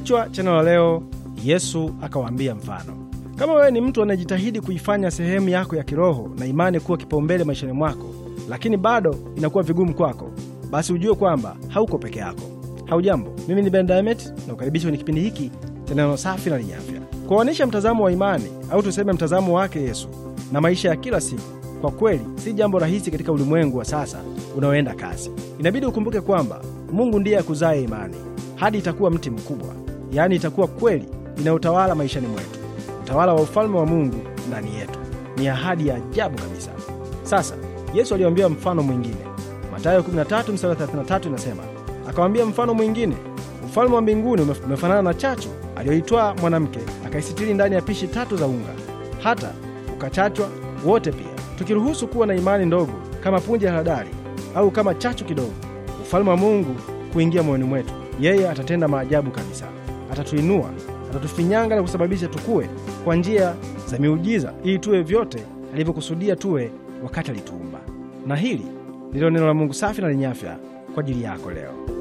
Kichwa cha neno la leo, Yesu akawaambia mfano. Kama wewe ni mtu anayejitahidi kuifanya sehemu yako ya kiroho na imani kuwa kipaumbele maishani mwako, lakini bado inakuwa vigumu kwako, basi ujue kwamba hauko peke yako. Haujambo, mimi ni Ben Diamond na ukaribisha kwenye kipindi hiki cha neno safi na lenye afya. Kuwaonyesha mtazamo wa imani au tuseme mtazamo wake Yesu na maisha ya kila siku kwa kweli si jambo rahisi katika ulimwengu wa sasa unaoenda kasi. Inabidi ukumbuke kwamba Mungu ndiye akuzaye imani hadi itakuwa mti mkubwa yaani itakuwa kweli inayotawala maishani mwetu, utawala wa ufalme wa Mungu ndani yetu. Ni ahadi ya ajabu kabisa. Sasa Yesu aliwambia mfano mwingine. Mathayo 13 mstari 33 inasema, akawambia mfano mwingine, ufalme wa mbinguni umefanana na chachu aliyoitwaa mwanamke akaisitiri ndani ya pishi tatu za unga, hata ukachachwa wote. Pia tukiruhusu kuwa na imani ndogo kama punje ya haradali au kama chachu kidogo, ufalme wa Mungu kuingia moyoni mwetu, yeye atatenda maajabu kabisa atatuinua, atatufinyanga na kusababisha tukue kwa njia za miujiza, ili tuwe vyote alivyokusudia tuwe wakati alituumba. Na hili ndilo neno la Mungu safi na lenye afya kwa ajili yako leo.